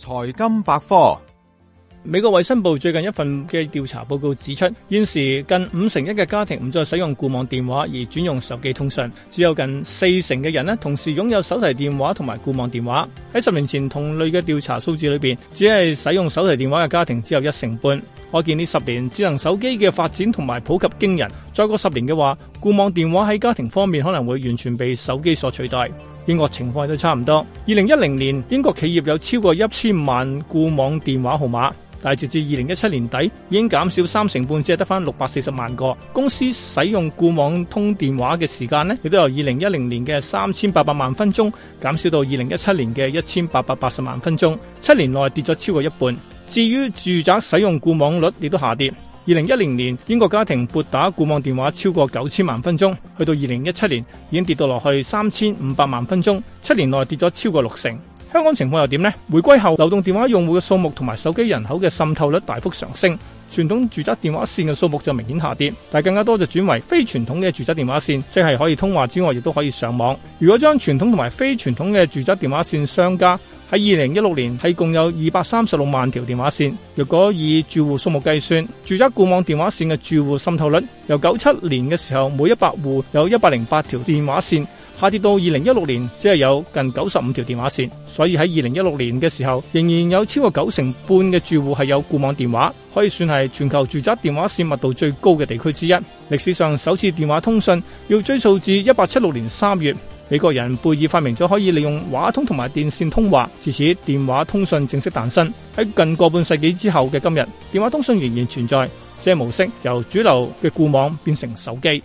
財金百科，美國衛生部最近一份嘅調查報告指出，現時近五成一嘅家庭唔再使用固網電話而轉用手機通訊，只有近四成嘅人呢同時擁有手提電話同埋固網電話。喺十年前同類嘅調查數字裏邊，只係使用手提電話嘅家庭只有一成半。可見呢十年智能手機嘅發展同埋普及驚人。再過十年嘅話，固網電話喺家庭方面可能會完全被手機所取代。英國情況都差唔多。二零一零年英國企業有超過一千萬固網電話號碼，但係直至二零一七年底已經減少三成半，只係得返六百四十萬個。公司使用固網通電話嘅時間呢，亦都由二零一零年嘅三千八百萬分鐘減少到二零一七年嘅一千八百八十萬分鐘，七年內跌咗超過一半。至於住宅使用固網率，亦都下跌。二零一零年，英國家庭撥打固網電話超過九千萬分鐘，去到二零一七年，已經跌到落去三千五百萬分鐘，七年內跌咗超過六成。香港情況又點呢？回歸後，流動電話用戶嘅數目同埋手機人口嘅滲透率大幅上升，傳統住宅電話線嘅數目就明顯下跌，但更加多就轉為非傳統嘅住宅電話線，即係可以通話之外，亦都可以上網。如果將傳統同埋非傳統嘅住宅電話線相加，喺二零一六年係共有二百三十六萬條電話線。若果以住戶數目計算，住宅固網電話線嘅住戶滲透率，由九七年嘅時候每一百戶有一百零八條電話線，下跌到二零一六年，只係有近九十五條電話線，所以喺二零一六年嘅時候，仍然有超過九成半嘅住戶係有固網電話，可以算係全球住宅電話線密度最高嘅地區之一。歷史上首次電話通訊要追溯至一八七六年三月，美國人貝爾發明咗可以利用話筒同埋電線通話，自此電話通訊正式誕生。喺近個半世紀之後嘅今日，電話通訊仍然存在，只係模式由主流嘅固網變成手機。